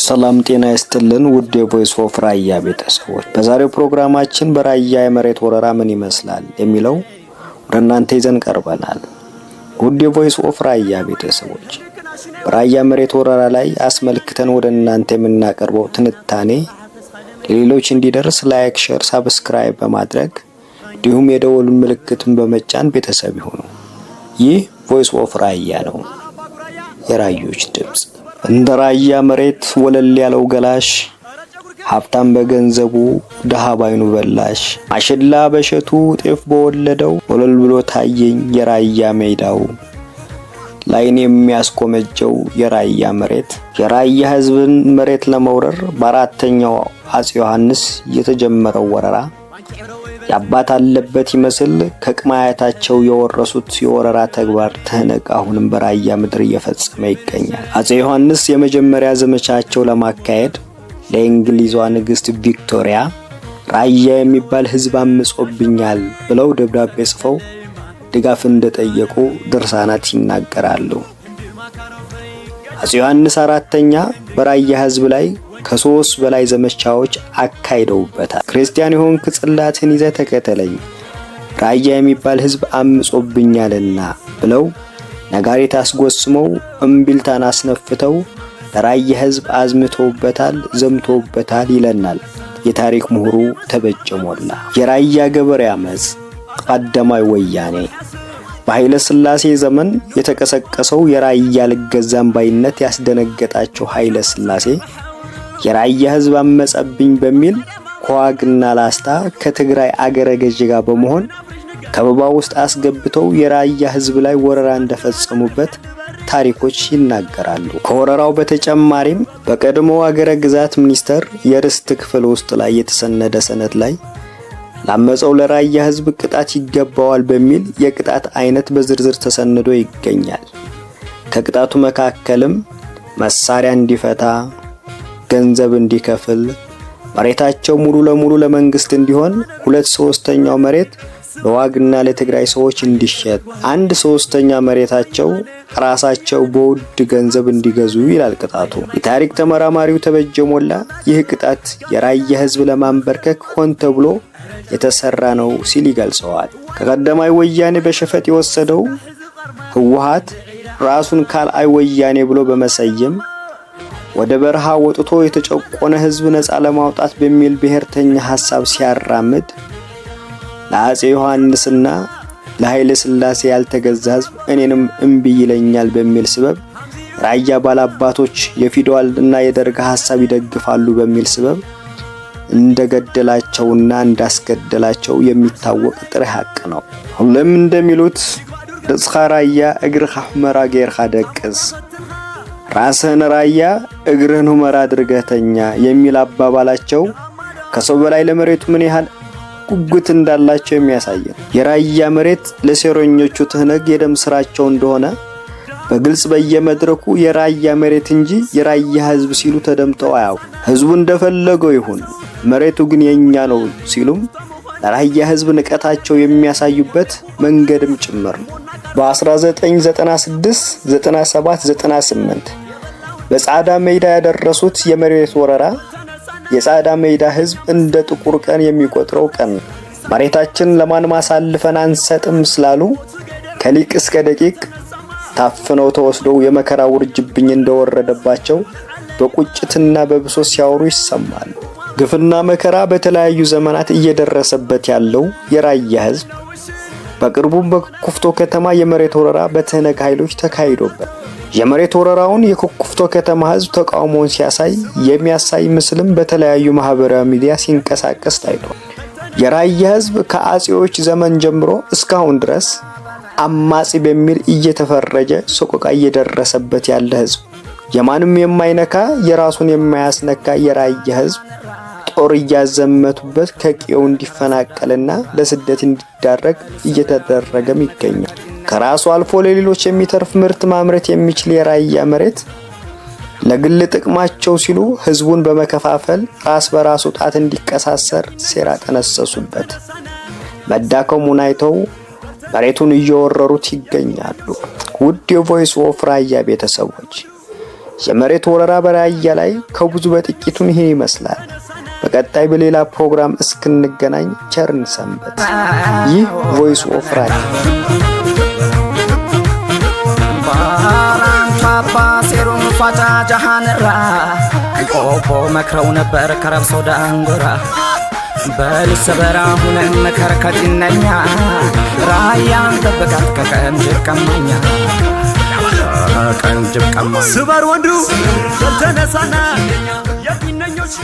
ሰላም ጤና ይስጥልን ውድ የቮይስ ኦፍ ራያ ቤተሰቦች፣ በዛሬው ፕሮግራማችን በራያ የመሬት ወረራ ምን ይመስላል የሚለው ወደ እናንተ ይዘን ቀርበናል። ውድ የቮይስ ኦፍ ራያ ቤተሰቦች፣ በራያ መሬት ወረራ ላይ አስመልክተን ወደ እናንተ የምናቀርበው ትንታኔ ለሌሎች እንዲደርስ ላይክ፣ ሼር፣ ሳብስክራይብ በማድረግ እንዲሁም የደወሉን ምልክትን በመጫን ቤተሰብ ይሁኑ። ይህ ቮይስ ኦፍ ራያ ነው፣ የራዮች ድምፅ። እንደ ራያ መሬት ወለል ያለው ገላሽ ሀብታም በገንዘቡ ድሃ ባይኑ በላሽ አሽላ በሸቱ ጤፍ በወለደው ወለል ብሎ ታየኝ የራያ ሜዳው ላይን የሚያስቆመጀው የራያ መሬት የራያ ሕዝብን መሬት ለመውረር በአራተኛው አፄ ዮሐንስ የተጀመረው ወረራ የአባት አለበት ይመስል ከቅማያታቸው የወረሱት የወረራ ተግባር ትህነግ አሁንም በራያ ምድር እየፈጸመ ይገኛል። አጼ ዮሐንስ የመጀመሪያ ዘመቻቸው ለማካሄድ ለእንግሊዟ ንግሥት ቪክቶሪያ ራያ የሚባል ሕዝብ አምጾብኛል ብለው ደብዳቤ ጽፈው ድጋፍ እንደጠየቁ ድርሳናት ይናገራሉ። አጼ ዮሐንስ አራተኛ በራያ ሕዝብ ላይ ከሶስት በላይ ዘመቻዎች አካሂደውበታል። ክርስቲያን የሆንክ ጽላትን ይዘ ተከተለኝ፣ ራያ የሚባል ህዝብ አምጾብኛልና ብለው ነጋሪት አስጎስመው እምቢልታን አስነፍተው ለራያ ህዝብ አዝምተውበታል፣ ዘምተውበታል ይለናል የታሪክ ምሁሩ ተበጀ ሞላ። የራያ ገበሬ አመፅ ቀደማዊ ወያኔ በኃይለ ሥላሴ ዘመን የተቀሰቀሰው የራያ ልገዛም ባይነት ያስደነገጣቸው ኃይለ ሥላሴ የራያ ህዝብ አመጸብኝ በሚል ከዋግና ላስታ ከትግራይ አገረ ገዥ ጋር በመሆን ከበባ ውስጥ አስገብተው የራያ ህዝብ ላይ ወረራ እንደፈጸሙበት ታሪኮች ይናገራሉ። ከወረራው በተጨማሪም በቀድሞ አገረ ግዛት ሚኒስቴር የርስት ክፍል ውስጥ ላይ የተሰነደ ሰነድ ላይ ላመፀው ለራያ ህዝብ ቅጣት ይገባዋል በሚል የቅጣት አይነት በዝርዝር ተሰንዶ ይገኛል። ከቅጣቱ መካከልም መሳሪያ እንዲፈታ ገንዘብ እንዲከፍል፣ መሬታቸው ሙሉ ለሙሉ ለመንግስት እንዲሆን፣ ሁለት ሶስተኛው መሬት ለዋግና ለትግራይ ሰዎች እንዲሸጥ፣ አንድ ሶስተኛ መሬታቸው ራሳቸው በውድ ገንዘብ እንዲገዙ ይላል ቅጣቱ። የታሪክ ተመራማሪው ተበጀ ሞላ ይህ ቅጣት የራያ ህዝብ ለማንበርከክ ሆን ተብሎ የተሰራ ነው ሲል ይገልጸዋል። ከቀደማይ ወያኔ በሸፈጥ የወሰደው ህወሀት ራሱን ካልአይ ወያኔ ብሎ በመሰየም ወደ በረሃ ወጥቶ የተጨቆነ ህዝብ ነፃ ለማውጣት በሚል ብሔርተኛ ሐሳብ ሲያራምድ ለአፄ ዮሐንስና ለኃይለ ሥላሴ ያልተገዛ ህዝብ እኔንም እምቢ ይለኛል በሚል ስበብ ራያ ባላባቶች የፊውዳልና የደርግ ሐሳብ ይደግፋሉ በሚል ስበብ እንደገደላቸውና እንዳስገደላቸው የሚታወቅ ጥሬ ሐቅ ነው። ሁሉም እንደሚሉት ርእስኻ ራያ እግርኻ ሑመራ ጌርኻ ደቅስ ራስህን ራያ እግርህን ሁመራ አድርገተኛ የሚል አባባላቸው ከሰው በላይ ለመሬቱ ምን ያህል ጉጉት እንዳላቸው የሚያሳየን የራያ መሬት ለሴረኞቹ ትህነግ የደም ስራቸው እንደሆነ በግልጽ በየመድረኩ የራያ መሬት እንጂ የራያ ህዝብ ሲሉ ተደምጠው አያውቁ። ህዝቡ እንደፈለገው ይሁን፣ መሬቱ ግን የኛ ነው ሲሉም ለራያ ህዝብ ንቀታቸው የሚያሳዩበት መንገድም ጭምር ነው። በ1996፣ 97፣ 98 በጻዳ ሜዳ ያደረሱት የመሬት ወረራ የጻዳ ሜዳ ህዝብ እንደ ጥቁር ቀን የሚቆጥረው ቀን መሬታችን ለማንም አሳልፈን አንሰጥም ስላሉ ከሊቅ እስከ ደቂቅ ታፍነው ተወስደው የመከራ ውርጅብኝ እንደወረደባቸው በቁጭትና በብሶት ሲያወሩ ይሰማል። ግፍና መከራ በተለያዩ ዘመናት እየደረሰበት ያለው የራያ ህዝብ በቅርቡም በኩፍቶ ከተማ የመሬት ወረራ በትህነግ ኃይሎች ተካሂዶበት የመሬት ወረራውን የኩፍቶ ከተማ ህዝብ ተቃውሞውን ሲያሳይ የሚያሳይ ምስልም በተለያዩ ማህበራዊ ሚዲያ ሲንቀሳቀስ ታይቷል። የራያ ህዝብ ከአጼዎች ዘመን ጀምሮ እስካሁን ድረስ አማጺ በሚል እየተፈረጀ ሰቆቃ እየደረሰበት ያለ ህዝብ የማንም የማይነካ የራሱን የማያስነካ የራያ ህዝብ ጦር እያዘመቱበት ከቄው እንዲፈናቀልና ለስደት እንዲዳረግ እየተደረገም ይገኛል። ከራሱ አልፎ ለሌሎች የሚተርፍ ምርት ማምረት የሚችል የራያ መሬት ለግል ጥቅማቸው ሲሉ ህዝቡን በመከፋፈል ራስ በራሱ ጣት እንዲቀሳሰር ሴራ ጠነሰሱበት። መዳከሙን አይተው መሬቱን እየወረሩት ይገኛሉ። ውድ የቮይስ ኦፍ ራያ ቤተሰቦች የመሬት ወረራ በራያ ላይ ከብዙ በጥቂቱን ይሄ ይመስላል። በቀጣይ በሌላ ፕሮግራም እስክንገናኝ ቸርን ሰንበት። ይህ ቮይስ ኦፍ ራዲዮ ባሴሩን ጃሃንራ ቆቦ መክረው ነበር ከረብሶ ዳንጎራ በልሰበራ ሁነን መከር ከጭነኛ ራያን ጠበቃት ከቀን ጅብ ቀማኛ ቀን ጅብ ስበር ወንዱ ተነሳና የፊነኞች